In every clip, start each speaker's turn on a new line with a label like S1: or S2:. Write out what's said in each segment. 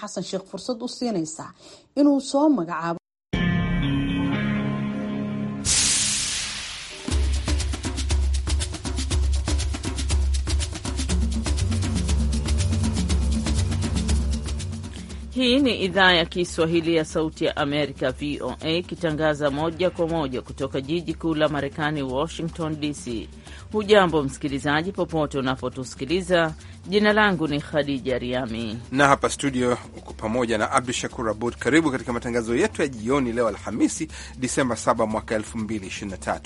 S1: xasan sheekh fursad u siinaysaa inuu soo magacaabo. Hii ni idhaa ya Kiswahili ya Sauti ya Amerika, VOA, ikitangaza moja kwa moja kutoka jiji kuu la Marekani, Washington DC. Hujambo msikilizaji, popote unapotusikiliza. Jina langu ni Khadija Riami
S2: na hapa studio uko pamoja na Abdu Shakur Abud. Karibu katika matangazo yetu ya jioni leo Alhamisi, Disemba 7 mwaka 2023.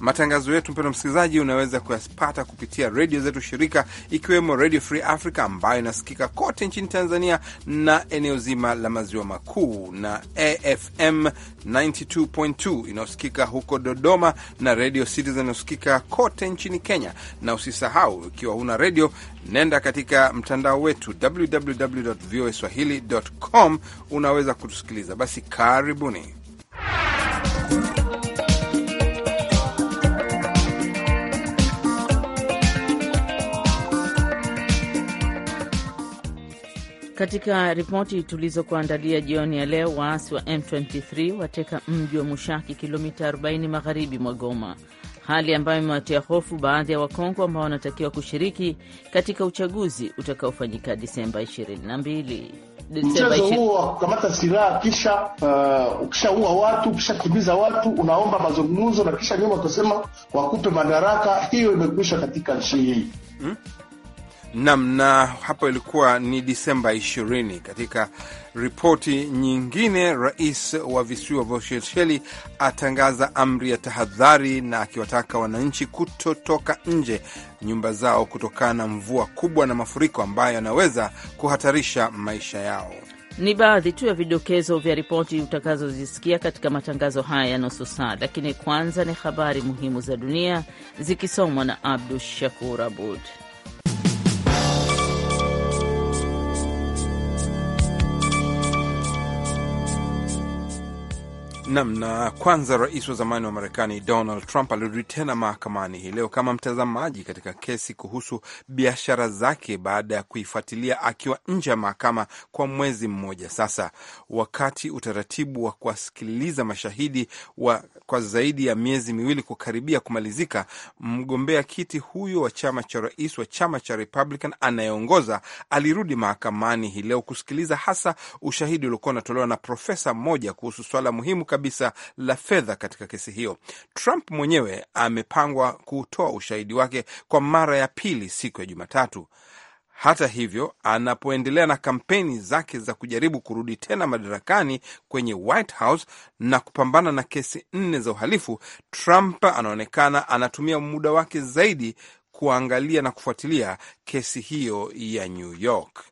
S2: Matangazo yetu, mpendwa msikilizaji, unaweza kuyapata kupitia redio zetu shirika, ikiwemo Radio Free Africa ambayo inasikika kote nchini Tanzania na eneo zima la maziwa makuu, na AFM 92.2 inayosikika huko Dodoma na Radio Citizen inayosikika kote nchini Kenya. Na usisahau, ikiwa huna redio nenda katika mtandao wetu www voa swahili com. Unaweza kutusikiliza basi, karibuni.
S1: Katika ripoti tulizokuandalia jioni ya leo, waasi wa M23 wateka mji wa Mushaki, kilomita 40 magharibi mwa Goma hali ambayo imewatia hofu baadhi ya Wakongo ambao wanatakiwa kushiriki katika uchaguzi utakaofanyika Disemba 22.
S3: Mchezo huo wa kukamata silaha kisha uh, ukishaua watu ukishakimbiza watu unaomba mazungumzo na kisha nyuma utasema wakupe madaraka, hiyo imekwisha katika nchi hii.
S2: Hmm? Nam na hapo ilikuwa ni Disemba 20. Katika ripoti nyingine, rais wa visiwa vya Ushelisheli atangaza amri ya tahadhari na akiwataka wananchi kutotoka nje nyumba zao kutokana na mvua kubwa na mafuriko ambayo yanaweza kuhatarisha maisha yao.
S1: Ni baadhi tu ya vidokezo vya ripoti utakazozisikia katika matangazo haya ya nusu saa, lakini kwanza ni habari muhimu za dunia zikisomwa na Abdu Shakur Abud.
S2: Nam na kwanza, rais wa zamani wa Marekani Donald Trump alirudi tena mahakamani hii leo kama mtazamaji katika kesi kuhusu biashara zake baada ya kuifuatilia akiwa nje ya mahakama kwa mwezi mmoja sasa, wakati utaratibu wa kuwasikiliza mashahidi wa kwa zaidi ya miezi miwili kukaribia kumalizika. Mgombea kiti huyo wa chama cha rais wa chama cha Republican anayeongoza alirudi mahakamani hii leo kusikiliza hasa ushahidi uliokuwa unatolewa na profesa mmoja kuhusu swala muhimu kabisa la fedha katika kesi hiyo. Trump mwenyewe amepangwa kutoa ushahidi wake kwa mara ya pili siku ya Jumatatu. Hata hivyo, anapoendelea na kampeni zake za kujaribu kurudi tena madarakani kwenye White House na kupambana na kesi nne za uhalifu, Trump anaonekana anatumia muda wake zaidi kuangalia na kufuatilia kesi hiyo ya New York.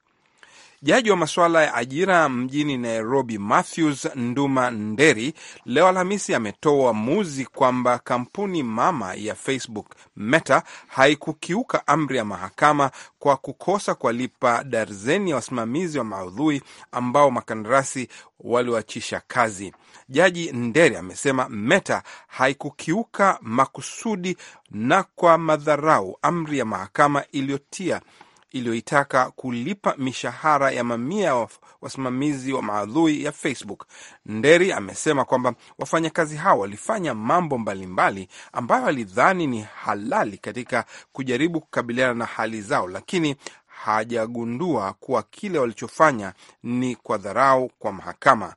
S2: Jaji wa masuala ya ajira mjini Nairobi, Matthews Nduma Nderi, leo Alhamisi ametoa muzi kwamba kampuni mama ya Facebook Meta haikukiuka amri ya mahakama kwa kukosa kuwalipa darzeni ya wasimamizi wa maudhui ambao makandarasi waliwachisha kazi. Jaji Nderi amesema Meta haikukiuka makusudi na kwa madharau amri ya mahakama iliyotia iliyoitaka kulipa mishahara ya mamia ya wasimamizi wa maadhui ya Facebook. Nderi amesema kwamba wafanyakazi hao walifanya mambo mbalimbali ambayo alidhani ni halali katika kujaribu kukabiliana na hali zao, lakini hajagundua kuwa kile walichofanya ni kwa dharau kwa mahakama.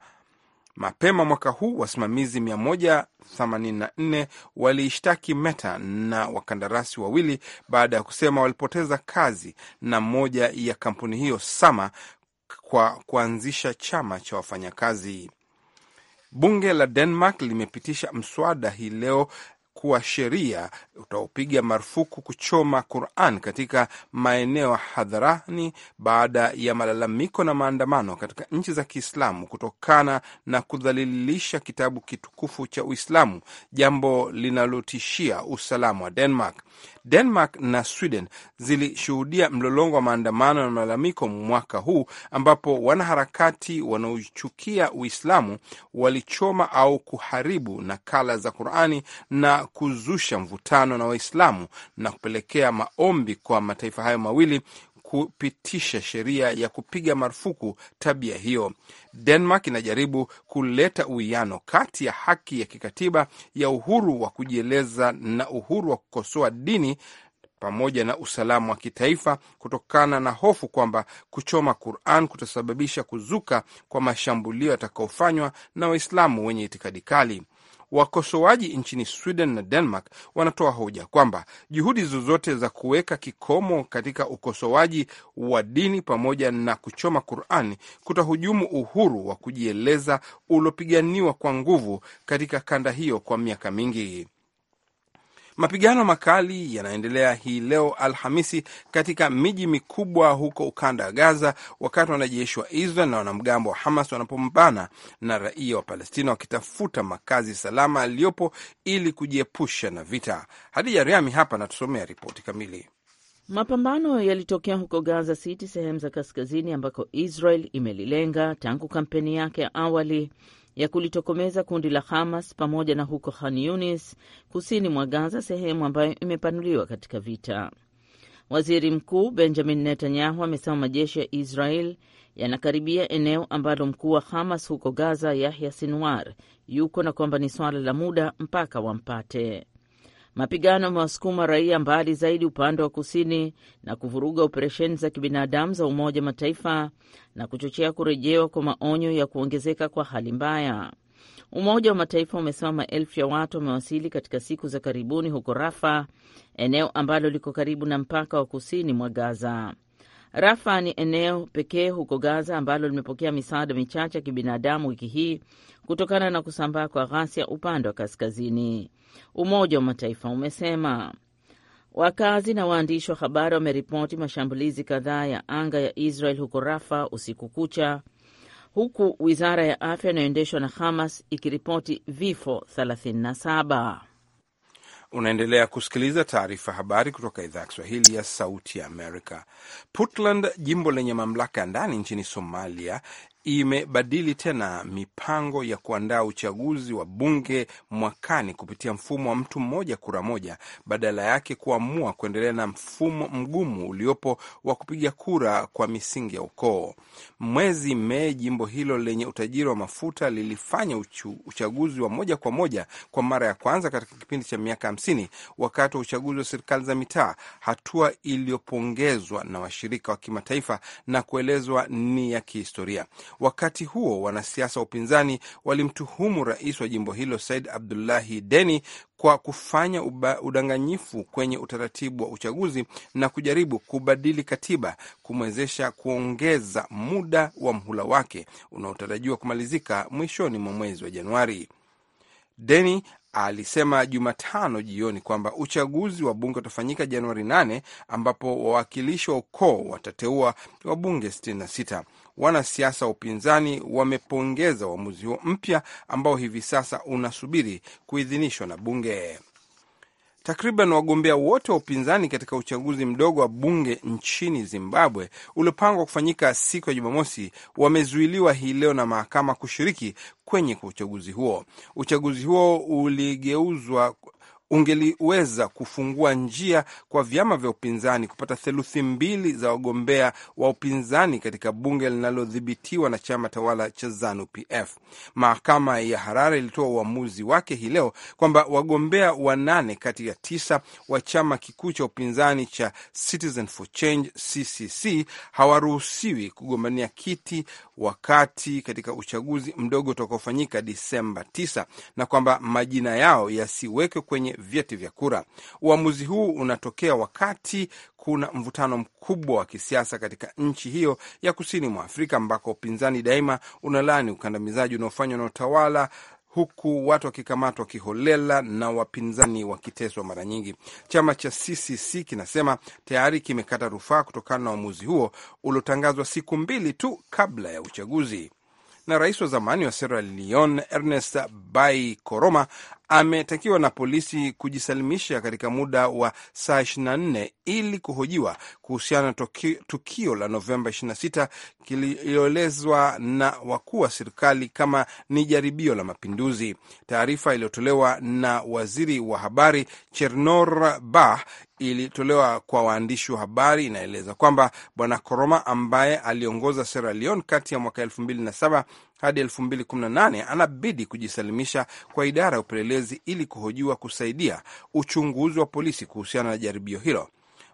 S2: Mapema mwaka huu wasimamizi 184 waliishtaki Meta na wakandarasi wawili baada ya kusema walipoteza kazi na moja ya kampuni hiyo Sama kwa kuanzisha chama cha wafanyakazi. Bunge la Denmark limepitisha mswada hii leo kuwa sheria utaopiga marufuku kuchoma Quran katika maeneo hadharani baada ya malalamiko na maandamano katika nchi za Kiislamu kutokana na kudhalilisha kitabu kitukufu cha Uislamu, jambo linalotishia usalama wa Denmark. Denmark na Sweden zilishuhudia mlolongo wa maandamano na malalamiko mwaka huu ambapo wanaharakati wanaochukia Uislamu walichoma au kuharibu nakala za Qurani na kuzusha mvutano na Waislamu na kupelekea maombi kwa mataifa hayo mawili kupitisha sheria ya kupiga marufuku tabia hiyo. Denmark inajaribu kuleta uwiano kati ya haki ya kikatiba ya uhuru wa kujieleza na uhuru wa kukosoa dini pamoja na usalama wa kitaifa kutokana na hofu kwamba kuchoma Quran kutasababisha kuzuka kwa mashambulio yatakaofanywa na Waislamu wenye itikadi kali. Wakosoaji nchini Sweden na Denmark wanatoa hoja kwamba juhudi zozote za kuweka kikomo katika ukosoaji wa dini pamoja na kuchoma Qurani kutahujumu uhuru wa kujieleza uliopiganiwa kwa nguvu katika kanda hiyo kwa miaka mingi. Mapigano makali yanaendelea hii leo Alhamisi katika miji mikubwa huko ukanda wa Gaza, wakati wanajeshi wa Israel na wanamgambo wa Hamas wanapombana na raia wa Palestina wakitafuta makazi salama yaliyopo ili kujiepusha na vita. Hadija Riami hapa anatusomea ripoti kamili.
S1: Mapambano yalitokea huko Gaza City, sehemu za kaskazini ambako Israel imelilenga tangu kampeni yake ya awali ya kulitokomeza kundi la Hamas pamoja na huko Khan Yunis kusini mwa Gaza, sehemu ambayo imepanuliwa katika vita. Waziri Mkuu Benjamin Netanyahu amesema majeshi ya Israel yanakaribia eneo ambalo mkuu wa Hamas huko Gaza Yahya Sinwar yuko na kwamba ni swala la muda mpaka wampate. Mapigano amewasukuma raia mbali zaidi upande wa kusini na kuvuruga operesheni za kibinadamu za Umoja wa Mataifa na kuchochea kurejewa kwa maonyo ya kuongezeka kwa hali mbaya. Umoja wa Mataifa umesema maelfu ya watu wamewasili katika siku za karibuni huko Rafa, eneo ambalo liko karibu na mpaka wa kusini mwa Gaza. Rafa ni eneo pekee huko Gaza ambalo limepokea misaada michache ya kibinadamu wiki hii kutokana na kusambaa kwa ghasia upande wa kaskazini, Umoja wa Mataifa umesema. Wakazi na waandishi wa habari wameripoti mashambulizi kadhaa ya anga ya Israel huko Rafa usiku kucha, huku wizara ya afya inayoendeshwa na Hamas ikiripoti vifo
S2: 37. Unaendelea kusikiliza taarifa habari kutoka idhaa ya Kiswahili ya Sauti ya Amerika. Puntland, jimbo lenye mamlaka ya ndani nchini Somalia, imebadili tena mipango ya kuandaa uchaguzi wa bunge mwakani kupitia mfumo wa mtu mmoja kura moja, badala yake kuamua kuendelea na mfumo mgumu uliopo wa kupiga kura kwa misingi ya ukoo. Mwezi Mei, jimbo hilo lenye utajiri wa mafuta lilifanya uchu, uchaguzi wa moja kwa moja kwa mara ya kwanza katika kipindi cha miaka hamsini wakati wa uchaguzi wa serikali za mitaa, hatua iliyopongezwa na washirika wa kimataifa na kuelezwa ni ya kihistoria. Wakati huo wanasiasa wa upinzani walimtuhumu rais wa jimbo hilo Said Abdullahi Deni kwa kufanya uba, udanganyifu kwenye utaratibu wa uchaguzi na kujaribu kubadili katiba kumwezesha kuongeza muda wa mhula wake unaotarajiwa kumalizika mwishoni mwa mwezi wa Januari. Deni alisema Jumatano jioni kwamba uchaguzi wa bunge utafanyika Januari 8 ambapo wawakilishi wa ukoo watateua wabunge 66 wanasiasa wa upinzani wamepongeza uamuzi huo mpya ambao hivi sasa unasubiri kuidhinishwa na bunge. Takriban wagombea wote wa upinzani katika uchaguzi mdogo wa bunge nchini Zimbabwe uliopangwa kufanyika siku ya Jumamosi wamezuiliwa hii leo na mahakama kushiriki kwenye uchaguzi huo. Uchaguzi huo uligeuzwa ungeliweza kufungua njia kwa vyama vya upinzani kupata theluthi mbili za wagombea wa upinzani katika bunge linalodhibitiwa na chama tawala cha ZANU-PF. Mahakama ya Harare ilitoa uamuzi wake hii leo kwamba wagombea wanane kati ya tisa wa chama kikuu cha upinzani cha Citizen for Change CCC hawaruhusiwi kugombania kiti wakati katika uchaguzi mdogo utakaofanyika Disemba 9 na kwamba majina yao yasiwekwe kwenye vyeti vya kura. Uamuzi huu unatokea wakati kuna mvutano mkubwa wa kisiasa katika nchi hiyo ya kusini mwa Afrika ambako upinzani daima unalaani ukandamizaji unaofanywa na utawala huku watu wakikamatwa kiholela na wapinzani wakiteswa mara nyingi. Chama cha CCC kinasema tayari kimekata rufaa kutokana na uamuzi huo uliotangazwa siku mbili tu kabla ya uchaguzi. Na rais wa zamani wa Sierra Leone Ernest Bai Koroma ametakiwa na polisi kujisalimisha katika muda wa saa 24 ili kuhojiwa kuhusiana na tukio la Novemba 26 kililoelezwa na wakuu wa serikali kama ni jaribio la mapinduzi. Taarifa iliyotolewa na waziri wa habari Chernor Bah ilitolewa kwa waandishi wa habari inaeleza kwamba Bwana Koroma ambaye aliongoza Sierra Leone kati ya mwaka elfu mbili na saba hadi 2018 anabidi kujisalimisha kwa idara ya upelelezi ili kuhojiwa kusaidia uchunguzi wa polisi kuhusiana na jaribio hilo.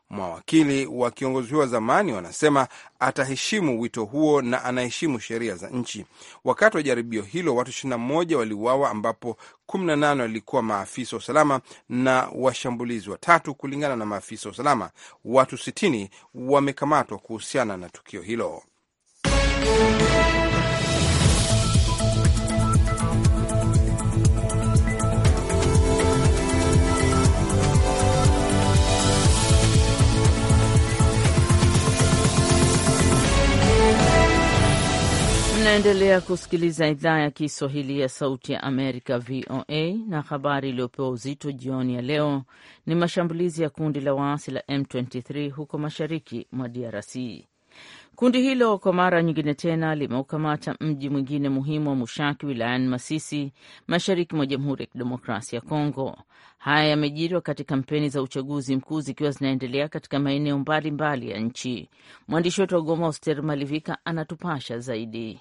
S2: Mawakili wa kiongozi huyo wa zamani wanasema ataheshimu wito huo na anaheshimu sheria za nchi. Wakati wa jaribio hilo watu 21 waliuawa, ambapo 18 walikuwa maafisa wa usalama na washambulizi watatu, kulingana na maafisa wa usalama. Watu 60 wamekamatwa kuhusiana na tukio hilo.
S1: Unaendelea kusikiliza idhaa ya Kiswahili ya Sauti ya Amerika, VOA, na habari iliyopewa uzito jioni ya leo ni mashambulizi ya kundi la waasi la M23 huko mashariki mwa DRC. Kundi hilo kwa mara nyingine tena limeukamata mji mwingine muhimu wa Mushaki wilayani Masisi, mashariki mwa Jamhuri ya Kidemokrasia ya Kongo. Haya yamejiri wakati kampeni za uchaguzi mkuu zikiwa zinaendelea katika maeneo mbalimbali ya nchi. Mwandishi wetu wa Goma, Oster Malivika, anatupasha zaidi.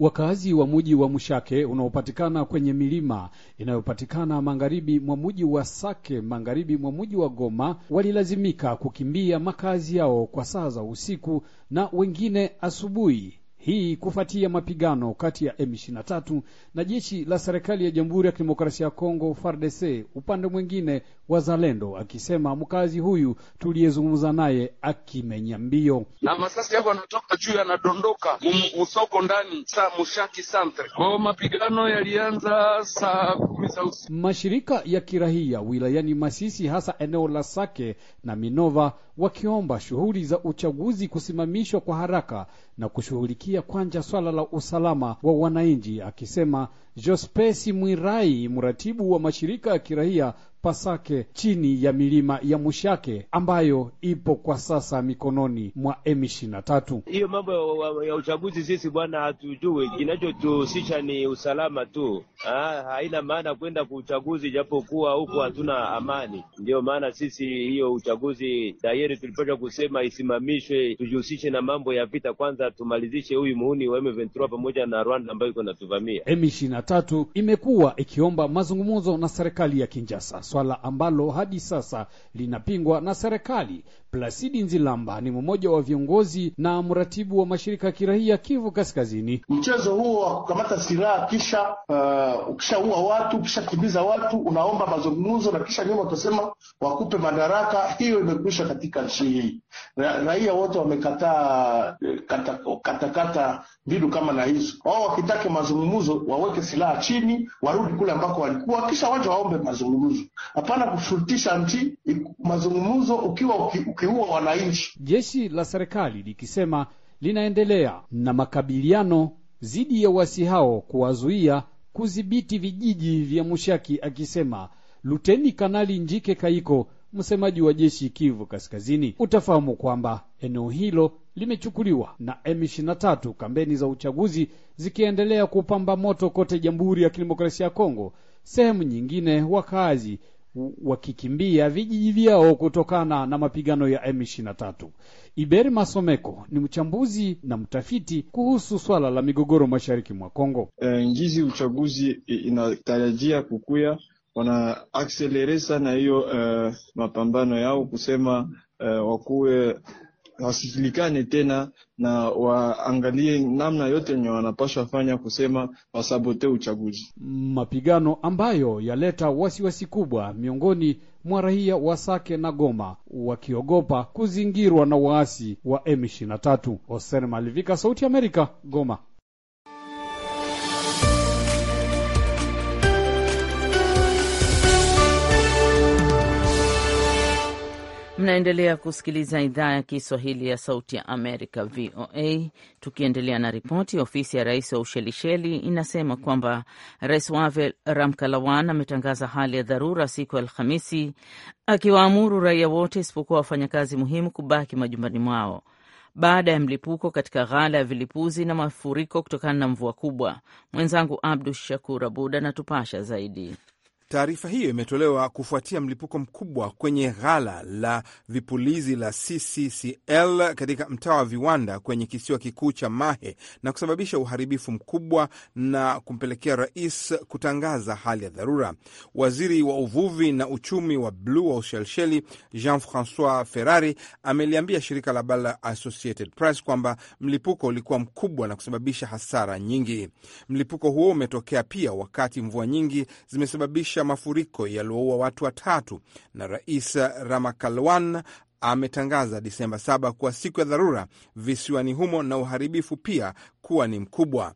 S4: Wakazi wa muji wa Mushake unaopatikana kwenye milima inayopatikana magharibi mwa muji wa Sake, magharibi mwa muji wa Goma, walilazimika kukimbia makazi yao kwa saa za usiku na wengine asubuhi hii kufuatia mapigano kati ya M23 na jeshi la serikali ya Jamhuri ya Kidemokrasia ya Kongo FARDC, upande mwingine wa zalendo akisema mkazi huyu tuliyezungumza naye akimenya mbio
S2: na masasi yako yanatoka juu yanadondoka usoko ndani sa mushaki santre kwao. Mapigano yalianza saa kumi za usiku.
S4: Mashirika ya kirahia wilayani Masisi, hasa eneo la Sake na Minova wakiomba shughuli za uchaguzi kusimamishwa kwa haraka na kushughulikia kwanja swala la usalama wa wananchi, akisema Jospesi Mwirai, mratibu wa mashirika ya kiraia Pasake chini ya milima ya Mushake ambayo ipo kwa sasa mikononi mwa M23.
S3: Hiyo mambo ya uchaguzi sisi bwana hatujui, kinachotuhusisha ni usalama tu. Ha, ah, haina maana kwenda kwa uchaguzi japokuwa huko hatuna amani. Ndiyo maana sisi hiyo uchaguzi tayari tulipaswa kusema isimamishwe, tujihusishe na mambo ya vita kwanza, tumalizishe huyu muhuni wa M23 pamoja na Rwanda ambayo iko natuvamia.
S4: M23 imekuwa ikiomba mazungumzo na serikali ya Kinshasa swala ambalo hadi sasa linapingwa na serikali Plasidi Nzilamba ni mmoja wa viongozi na mratibu wa mashirika ya kiraia Kivu Kaskazini.
S3: Mchezo huo wa kukamata silaha kisha uh, ukishaua watu ukishakimbiza watu unaomba mazungumzo na kisha nyuma utasema wakupe madaraka, hiyo imekwisha katika nchi hii. Ra raia wote wamekataa eh, katakata mbinu kata, kama na hizo wao, wakitaka mazungumzo waweke silaha chini, warudi kule ambako walikuwa, kisha waja waombe mazungumzo. Hapana kushurutisha nchi mazungumzo ukiwa uki, ukiua wananchi.
S4: Jeshi la serikali likisema linaendelea na makabiliano dhidi ya wasi hao kuwazuia kudhibiti vijiji vya Mushaki, akisema Luteni Kanali Njike Kaiko, msemaji wa jeshi Kivu Kaskazini. Utafahamu kwamba eneo hilo limechukuliwa na M23, kampeni za uchaguzi zikiendelea kupamba moto kote Jamhuri ya Kidemokrasia ya Kongo. Sehemu nyingine wakazi wakikimbia vijiji vyao kutokana na mapigano ya M23. Iberi Masomeko ni mchambuzi na mtafiti kuhusu swala la migogoro mashariki mwa Kongo. E, eh, ngizi uchaguzi inatarajia kukuya,
S2: wana akseleresa sana hiyo e, mapambano yao kusema e, wakuwe na wasikilikane tena na waangalie namna yote yenye wanapashwa fanya kusema wasabote uchaguzi.
S4: Mapigano ambayo yaleta wasiwasi kubwa miongoni mwa raia wa Sake na Goma wakiogopa kuzingirwa na waasi wa M23. Hosen Malivika, Sauti ya Amerika, Goma.
S1: Mnaendelea kusikiliza idhaa ya Kiswahili ya Sauti ya Amerika, VOA. Tukiendelea na ripoti ofisi ya rais wa Ushelisheli inasema kwamba Rais Wavel Ramkalawan ametangaza hali ya dharura siku ya Alhamisi, akiwaamuru raia wote isipokuwa wafanyakazi muhimu kubaki majumbani mwao baada ya mlipuko katika ghala ya vilipuzi na mafuriko kutokana na mvua kubwa. Mwenzangu Abdu Shakur Abud anatupasha zaidi. Taarifa
S2: hiyo imetolewa kufuatia mlipuko mkubwa kwenye ghala la vipulizi la CCCL katika mtaa wa viwanda kwenye kisiwa kikuu cha Mahe na kusababisha uharibifu mkubwa na kumpelekea rais kutangaza hali ya dharura. Waziri wa uvuvi na uchumi wa bluu wa Ushelsheli, Jean Francois Ferrari, ameliambia shirika la habari la Associated Press kwamba mlipuko ulikuwa mkubwa na kusababisha hasara nyingi. Mlipuko huo umetokea pia wakati mvua nyingi zimesababisha kusababisha mafuriko yaliyoua watu watatu, na Rais Ramakalwan ametangaza Disemba saba kuwa siku ya dharura visiwani humo na uharibifu pia kuwa ni mkubwa.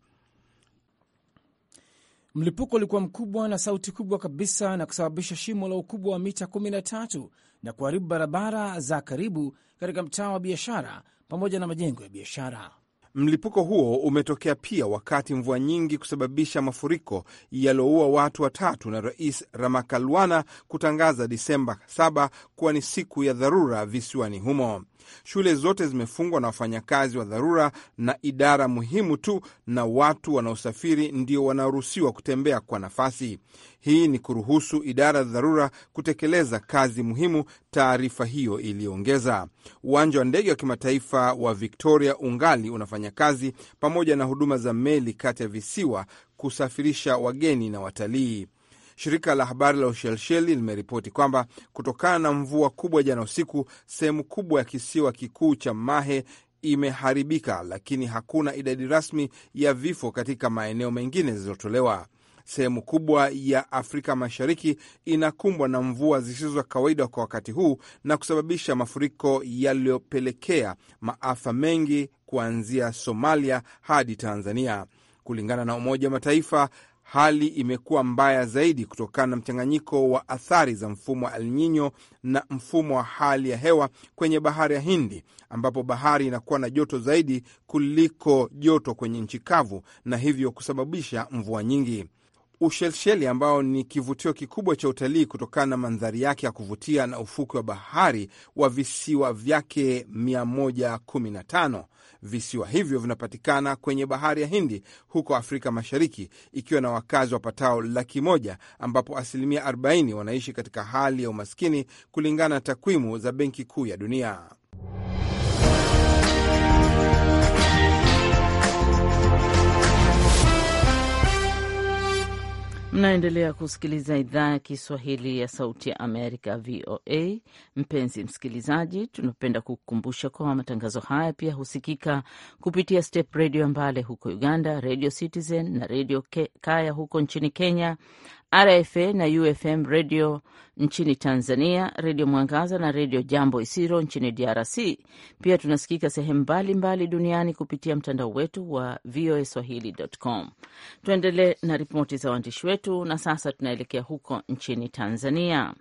S4: Mlipuko ulikuwa mkubwa na sauti kubwa kabisa na kusababisha shimo la ukubwa wa mita 13 na kuharibu barabara za karibu katika mtaa wa biashara pamoja na majengo ya biashara.
S2: Mlipuko huo umetokea pia wakati mvua nyingi kusababisha mafuriko yaliyoua watu watatu na Rais Ramakalwana kutangaza Disemba 7 kuwa ni siku ya dharura visiwani humo. Shule zote zimefungwa na wafanyakazi wa dharura na idara muhimu tu na watu wanaosafiri ndio wanaruhusiwa kutembea kwa nafasi. Hii ni kuruhusu idara za dharura kutekeleza kazi muhimu, taarifa hiyo iliongeza. Uwanja wa ndege wa kimataifa wa Victoria ungali unafanya kazi pamoja na huduma za meli kati ya visiwa kusafirisha wageni na watalii. Shirika la habari la Ushelsheli limeripoti kwamba kutokana na mvua kubwa jana usiku, sehemu kubwa ya kisiwa kikuu cha Mahe imeharibika, lakini hakuna idadi rasmi ya vifo katika maeneo mengine zilizotolewa. Sehemu kubwa ya Afrika Mashariki inakumbwa na mvua zisizo za kawaida kwa wakati huu na kusababisha mafuriko yaliyopelekea maafa mengi kuanzia Somalia hadi Tanzania. Kulingana na Umoja wa Mataifa, hali imekuwa mbaya zaidi kutokana na mchanganyiko wa athari za mfumo wa El Nino na mfumo wa hali ya hewa kwenye bahari ya Hindi, ambapo bahari inakuwa na joto zaidi kuliko joto kwenye nchi kavu na hivyo kusababisha mvua nyingi. Ushelsheli ambao ni kivutio kikubwa cha utalii kutokana na mandhari yake ya kuvutia na ufukwe wa bahari wa visiwa vyake 115. Visiwa hivyo vinapatikana kwenye bahari ya Hindi huko Afrika Mashariki, ikiwa na wakazi wapatao laki moja ambapo asilimia 40 wanaishi katika hali ya umaskini kulingana na takwimu za Benki Kuu ya Dunia.
S1: Mnaendelea kusikiliza idhaa ya Kiswahili ya Sauti ya Amerika, VOA. Mpenzi msikilizaji, tunapenda kukukumbusha kwamba matangazo haya pia husikika kupitia Step Redio Mbale huko Uganda, Redio Citizen na Redio Kaya huko nchini Kenya, RFA na UFM redio nchini Tanzania, redio Mwangaza na redio Jambo Isiro nchini DRC. Pia tunasikika sehemu mbalimbali duniani kupitia mtandao wetu wa VOA Swahili.com. Tuendelee na ripoti za waandishi wetu, na sasa tunaelekea huko nchini Tanzania.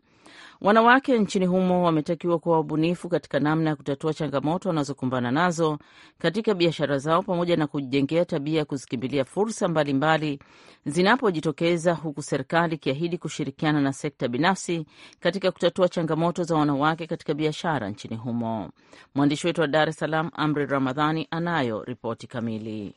S1: Wanawake nchini humo wametakiwa kuwa wabunifu katika namna ya kutatua changamoto wanazokumbana nazo katika biashara zao pamoja na kujijengea tabia ya kuzikimbilia fursa mbalimbali zinapojitokeza, huku serikali ikiahidi kushirikiana na sekta binafsi katika kutatua changamoto za wanawake katika biashara nchini humo. Mwandishi wetu wa Dar es Salaam, Amri Ramadhani, anayo ripoti kamili.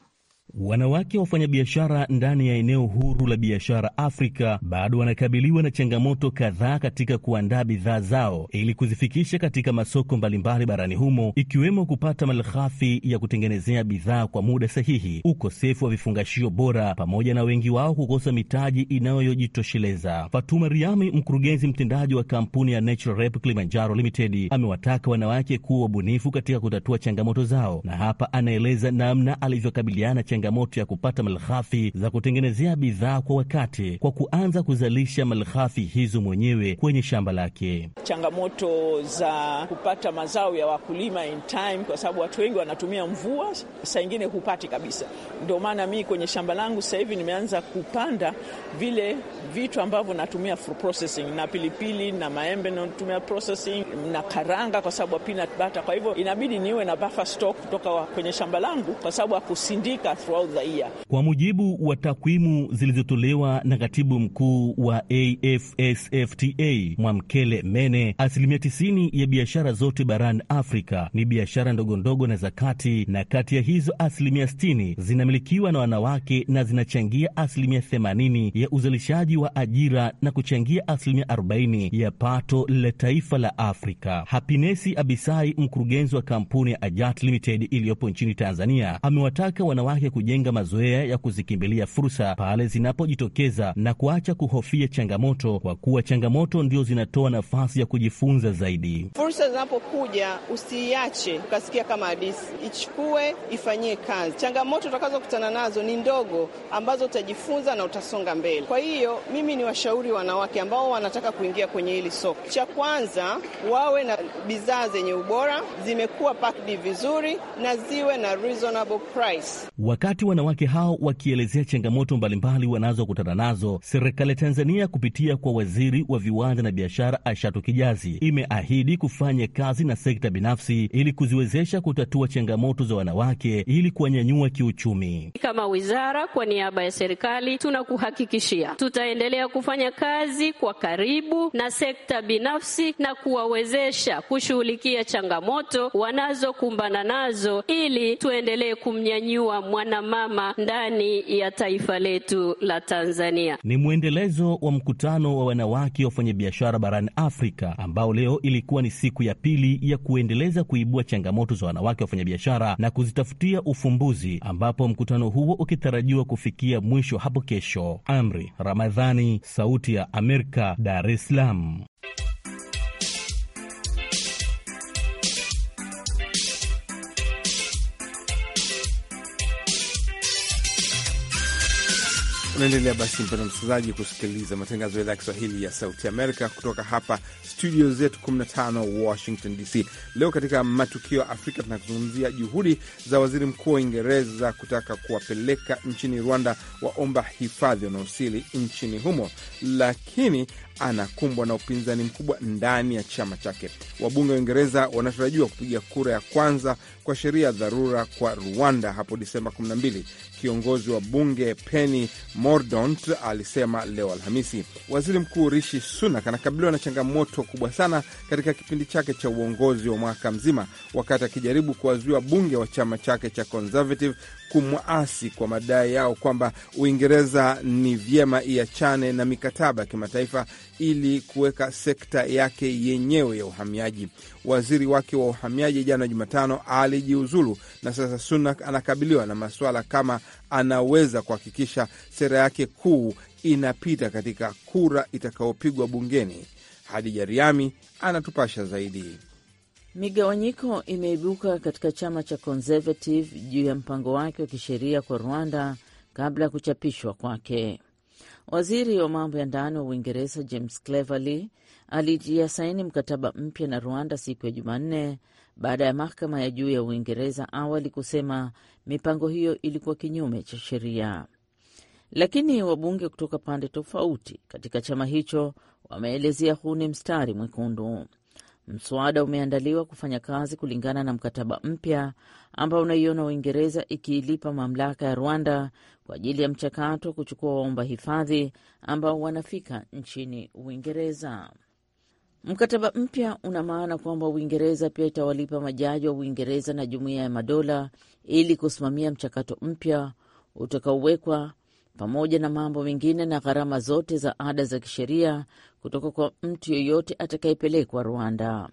S3: Wanawake wafanyabiashara ndani ya eneo huru la biashara Afrika bado wanakabiliwa na changamoto kadhaa katika kuandaa bidhaa zao ili kuzifikisha katika masoko mbalimbali barani humo, ikiwemo kupata malighafi ya kutengenezea bidhaa kwa muda sahihi, ukosefu wa vifungashio bora, pamoja na wengi wao kukosa mitaji inayojitosheleza. Fatuma Riami, mkurugenzi mtendaji wa kampuni ya Natural Rep Kilimanjaro Limited, amewataka wanawake kuwa wabunifu katika kutatua changamoto zao, na hapa anaeleza namna alivyokabiliana changamoto ya kupata malighafi za kutengenezea bidhaa kwa wakati kwa kuanza kuzalisha malighafi hizo mwenyewe kwenye shamba lake. Changamoto za kupata mazao ya wakulima in time, kwa sababu watu wengi wanatumia mvua, saa ingine hupati kabisa. Ndio maana mi kwenye shamba langu sasa hivi nimeanza kupanda vile vitu ambavyo natumia for processing, na pilipili na maembe natumia processing na karanga, kwa sababu peanut butter. Kwa hivyo inabidi niwe na buffer stock kutoka kwenye shamba langu, kwa sababu akusindika au dhaia. Kwa mujibu wa takwimu zilizotolewa na katibu mkuu wa AFSFTA Mwamkele Mene, asilimia 90 ya biashara zote barani Afrika ni biashara ndogondogo na za kati, na kati ya hizo asilimia 60 zinamilikiwa na wanawake na zinachangia asilimia 80 ya uzalishaji wa ajira na kuchangia asilimia 40 ya pato la taifa la Afrika. Hapinesi Abisai, mkurugenzi wa kampuni ya Ajat Limited iliyopo nchini Tanzania, amewataka wanawake kujenga mazoea ya kuzikimbilia fursa pale zinapojitokeza na kuacha kuhofia changamoto, kwa kuwa changamoto ndio zinatoa nafasi ya kujifunza zaidi.
S1: Fursa zinapokuja usiiache ukasikia kama hadisi, ichukue ifanyie kazi. Changamoto utakazokutana nazo ni ndogo, ambazo utajifunza na utasonga mbele. Kwa hiyo mimi ni washauri wanawake ambao wanataka kuingia kwenye hili soko, cha kwanza wawe na bidhaa zenye ubora, zimekuwa vizuri na ziwe na reasonable price.
S3: Wakati wanawake hao wakielezea changamoto mbalimbali wanazokutana nazo, serikali ya Tanzania kupitia kwa waziri wa viwanda na biashara ashatu Kijazi imeahidi kufanya kazi na sekta binafsi ili kuziwezesha kutatua changamoto za wanawake ili kuwanyanyua kiuchumi.
S1: Kama wizara, kwa niaba ya serikali, tunakuhakikishia tutaendelea kufanya kazi kwa karibu na sekta binafsi na kuwawezesha kushughulikia changamoto wanazokumbana nazo ili tuendelee kumnyanyua mwana na mama ndani ya taifa letu la Tanzania.
S3: Ni mwendelezo wa mkutano wa wanawake wafanyabiashara barani Afrika ambao leo ilikuwa ni siku ya pili ya kuendeleza kuibua changamoto za wanawake wafanyabiashara na kuzitafutia ufumbuzi, ambapo mkutano huo ukitarajiwa kufikia mwisho hapo kesho. Amri Ramadhani, Sauti ya Amerika, Dar es Salaam.
S2: Unaendelea basi, mpendwa msikilizaji, kusikiliza matangazo ya idhaa ya Kiswahili ya Sauti Amerika kutoka hapa studio zetu 15 Washington DC. Leo katika matukio ya Afrika tunazungumzia juhudi za waziri mkuu wa Uingereza kutaka kuwapeleka nchini Rwanda waomba hifadhi wanaosili nchini humo, lakini anakumbwa na upinzani mkubwa ndani ya chama chake. Wabunge wa Uingereza wanatarajiwa kupiga kura ya kwanza kwa sheria ya dharura kwa Rwanda hapo Disemba 12. Kiongozi wa bunge Penny Mordaunt alisema leo Alhamisi. Waziri Mkuu Rishi Sunak anakabiliwa na changamoto kubwa sana katika kipindi chake cha uongozi wa mwaka mzima, wakati akijaribu kuwazuia bunge wa chama chake cha Conservative kumwasi kwa madai yao kwamba Uingereza ni vyema iachane na mikataba ya kimataifa ili kuweka sekta yake yenyewe ya uhamiaji. Waziri wake wa uhamiaji jana Jumatano alijiuzulu na sasa Sunak anakabiliwa na masuala kama anaweza kuhakikisha sera yake kuu inapita katika kura itakayopigwa bungeni. Hadija Riami anatupasha zaidi.
S1: Migawanyiko imeibuka katika chama cha Conservative juu ya mpango wake wa kisheria kwa Rwanda kabla ya kuchapishwa kwake. Waziri wa mambo ya ndani wa Uingereza James Cleverly alitia saini mkataba mpya na Rwanda siku ya Jumanne baada ya mahakama ya juu ya Uingereza awali kusema mipango hiyo ilikuwa kinyume cha sheria. Lakini wabunge kutoka pande tofauti katika chama hicho wameelezea huu ni mstari mwekundu. Mswada umeandaliwa kufanya kazi kulingana na mkataba mpya ambao unaiona Uingereza ikiilipa mamlaka ya Rwanda kwa ajili ya mchakato wa kuchukua waomba hifadhi ambao wanafika nchini Uingereza. Mkataba mpya una maana kwamba Uingereza pia itawalipa majaji wa Uingereza na Jumuiya ya Madola ili kusimamia mchakato mpya utakaowekwa pamoja na mambo mengine na gharama zote za ada za kisheria kutoka kwa mtu yeyote atakayepelekwa Rwanda.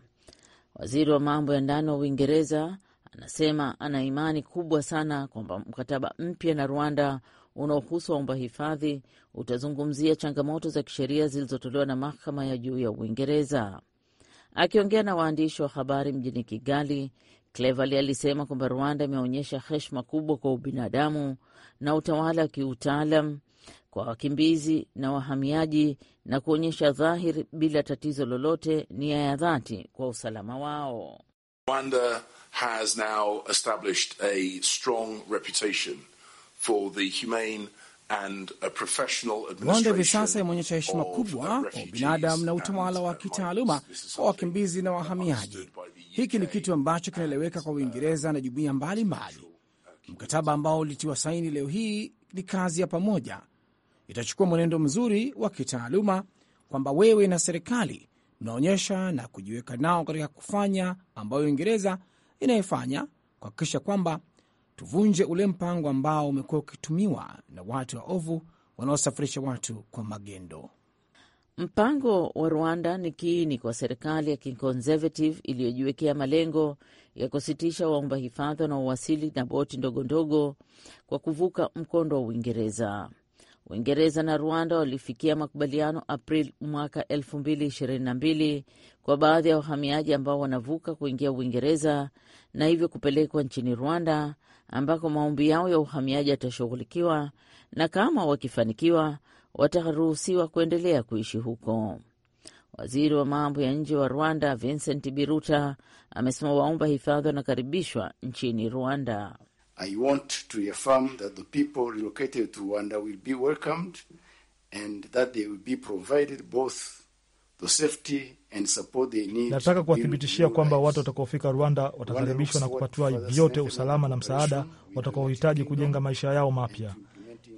S1: Waziri wa mambo ya ndani wa Uingereza anasema ana imani kubwa sana kwamba mkataba mpya na Rwanda unaohusu waomba hifadhi utazungumzia changamoto za kisheria zilizotolewa na mahakama ya juu ya Uingereza. Akiongea na waandishi wa habari mjini Kigali, Cleverly alisema kwamba Rwanda imeonyesha heshima kubwa kwa ubinadamu na utawala wa kiutaalam kwa wakimbizi na wahamiaji na kuonyesha dhahiri bila tatizo lolote nia ya dhati kwa usalama wao.
S2: Rwanda has now established a strong reputation for the humane and a professional administration. Rwanda hivi sasa
S4: imeonyesha heshima kubwa kwa ubinadamu na utawala wa kitaaluma kwa wakimbizi na wahamiaji hiki ni kitu ambacho kinaeleweka kwa Uingereza na jumuiya mbalimbali. Mkataba ambao ulitiwa saini leo hii ni kazi ya pamoja, itachukua mwenendo mzuri wa kitaaluma, kwamba wewe na serikali mnaonyesha na kujiweka nao katika kufanya ambayo Uingereza inayefanya kuhakikisha kwamba tuvunje ule mpango ambao umekuwa ukitumiwa na watu waovu wanaosafirisha watu kwa magendo.
S1: Mpango wa Rwanda ni kiini kwa serikali ya kiconservative iliyojiwekea malengo ya kusitisha waomba hifadhi wanaowasili na boti ndogondogo kwa kuvuka mkondo wa Uingereza. Uingereza na Rwanda walifikia makubaliano april mwaka 2022 kwa baadhi ya wahamiaji ambao wanavuka kuingia Uingereza na hivyo kupelekwa nchini Rwanda ambako maombi yao ya uhamiaji yatashughulikiwa na kama wakifanikiwa wataruhusiwa kuendelea kuishi huko. Waziri wa mambo ya nje wa Rwanda Vincent Biruta amesema waomba hifadhi wanakaribishwa nchini Rwanda.
S4: I want to reaffirm that the people relocated to Rwanda will be welcomed and that they will be provided both the safety and support they need. Nataka
S3: kuwathibitishia kwamba watu watakaofika Rwanda watakaribishwa na kupatiwa vyote, usalama na msaada watakaohitaji kujenga maisha yao mapya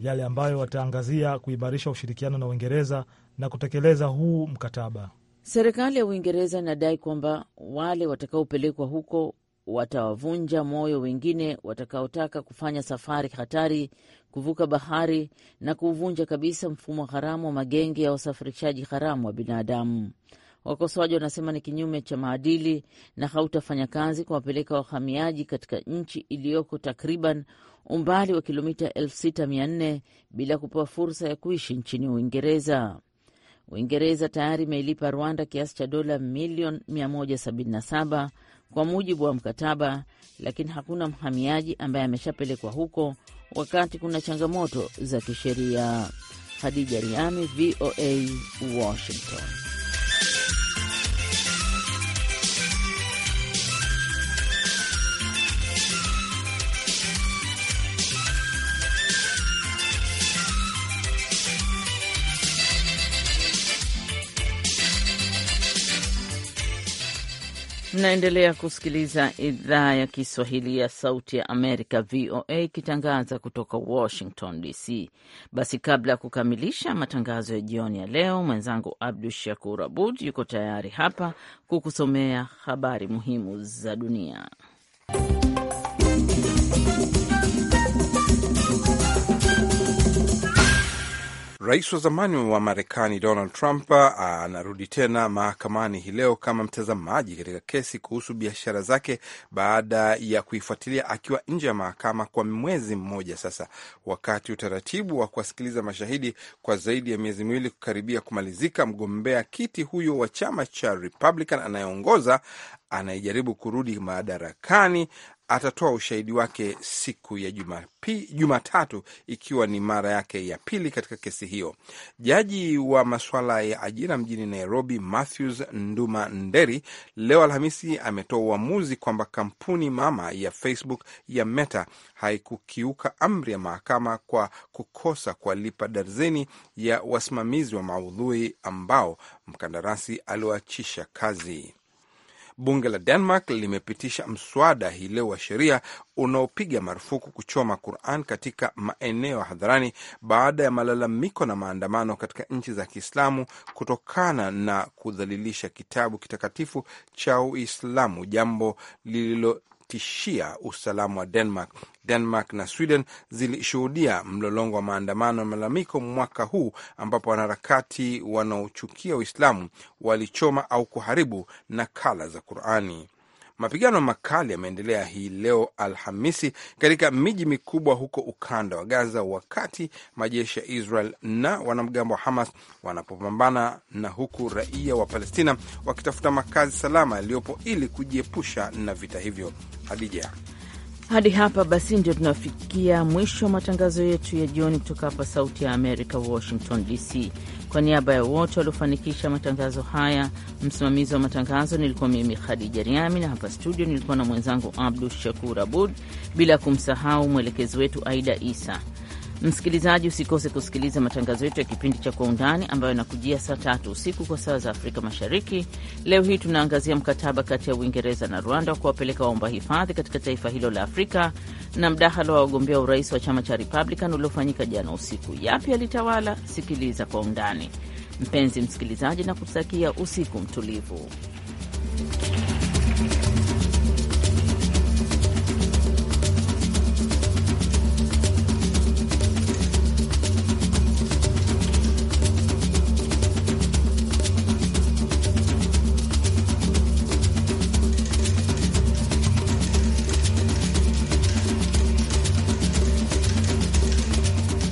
S3: yale ambayo wataangazia kuimarisha ushirikiano na Uingereza na kutekeleza huu mkataba.
S1: Serikali ya Uingereza inadai kwamba wale watakaopelekwa huko watawavunja moyo wengine watakaotaka kufanya safari hatari kuvuka bahari na kuuvunja kabisa mfumo haramu wa magenge ya wasafirishaji haramu wa binadamu. Wakosoaji wanasema ni kinyume cha maadili na hautafanya kazi kuwapeleka wahamiaji katika nchi iliyoko takriban umbali wa kilomita elfu bila kupewa fursa ya kuishi nchini Uingereza. Uingereza tayari imeilipa Rwanda kiasi cha dola milioni 177 kwa mujibu wa mkataba, lakini hakuna mhamiaji ambaye ameshapelekwa huko wakati kuna changamoto za kisheria. Hadija Riami, VOA, Washington. Mnaendelea kusikiliza idhaa ya Kiswahili ya Sauti ya Amerika, VOA, ikitangaza kutoka Washington DC. Basi kabla ya kukamilisha matangazo ya jioni ya leo, mwenzangu Abdu Shakur Abud yuko tayari hapa kukusomea habari muhimu za dunia.
S2: Rais wa zamani wa Marekani Donald Trump ah, anarudi tena mahakamani hii leo kama mtazamaji katika kesi kuhusu biashara zake baada ya kuifuatilia akiwa nje ya mahakama kwa mwezi mmoja sasa, wakati utaratibu wa kuwasikiliza mashahidi kwa zaidi ya miezi miwili kukaribia kumalizika. Mgombea kiti huyo wa chama cha Republican anayeongoza anayejaribu kurudi madarakani atatoa ushahidi wake siku ya Jumatatu, ikiwa ni mara yake ya pili katika kesi hiyo. Jaji wa masuala ya ajira mjini Nairobi, Matthews Nduma Nderi, leo Alhamisi ametoa uamuzi kwamba kampuni mama ya Facebook ya Meta haikukiuka amri ya mahakama kwa kukosa kuwalipa darzeni ya wasimamizi wa maudhui ambao mkandarasi aliwaachisha kazi. Bunge la Denmark limepitisha mswada hii leo wa sheria unaopiga marufuku kuchoma Quran katika maeneo ya hadharani baada ya malalamiko na maandamano katika nchi za Kiislamu kutokana na kudhalilisha kitabu kitakatifu cha Uislamu, jambo lililo kutishia usalama wa Denmark. Denmark na Sweden zilishuhudia mlolongo wa maandamano ya malalamiko mwaka huu ambapo wanaharakati wanaochukia Uislamu walichoma au kuharibu nakala za Qurani. Mapigano makali yameendelea hii leo Alhamisi katika miji mikubwa huko ukanda wa Gaza, wakati majeshi ya Israel na wanamgambo wa Hamas wanapopambana, na huku raia wa Palestina wakitafuta makazi salama yaliyopo ili kujiepusha na vita hivyo. Hadija.
S1: Hadi hapa basi ndio tunafikia mwisho wa matangazo yetu ya jioni kutoka hapa Sauti ya Amerika, Washington DC. Kwa niaba ya wote waliofanikisha matangazo haya, msimamizi wa matangazo nilikuwa mimi Khadija Riami, na hapa studio nilikuwa na mwenzangu Abdu Shakur Abud, bila kumsahau mwelekezi wetu Aida Isa. Msikilizaji, usikose kusikiliza matangazo yetu ya kipindi cha Kwa Undani ambayo yanakujia saa tatu usiku kwa saa za Afrika Mashariki. Leo hii tunaangazia mkataba kati ya Uingereza na Rwanda wa kuwapeleka waomba hifadhi katika taifa hilo la Afrika na mdahalo wa wagombea urais wa chama cha Republican uliofanyika jana usiku. Yapi alitawala Sikiliza Kwa Undani. Mpenzi msikilizaji, na kutakia usiku mtulivu.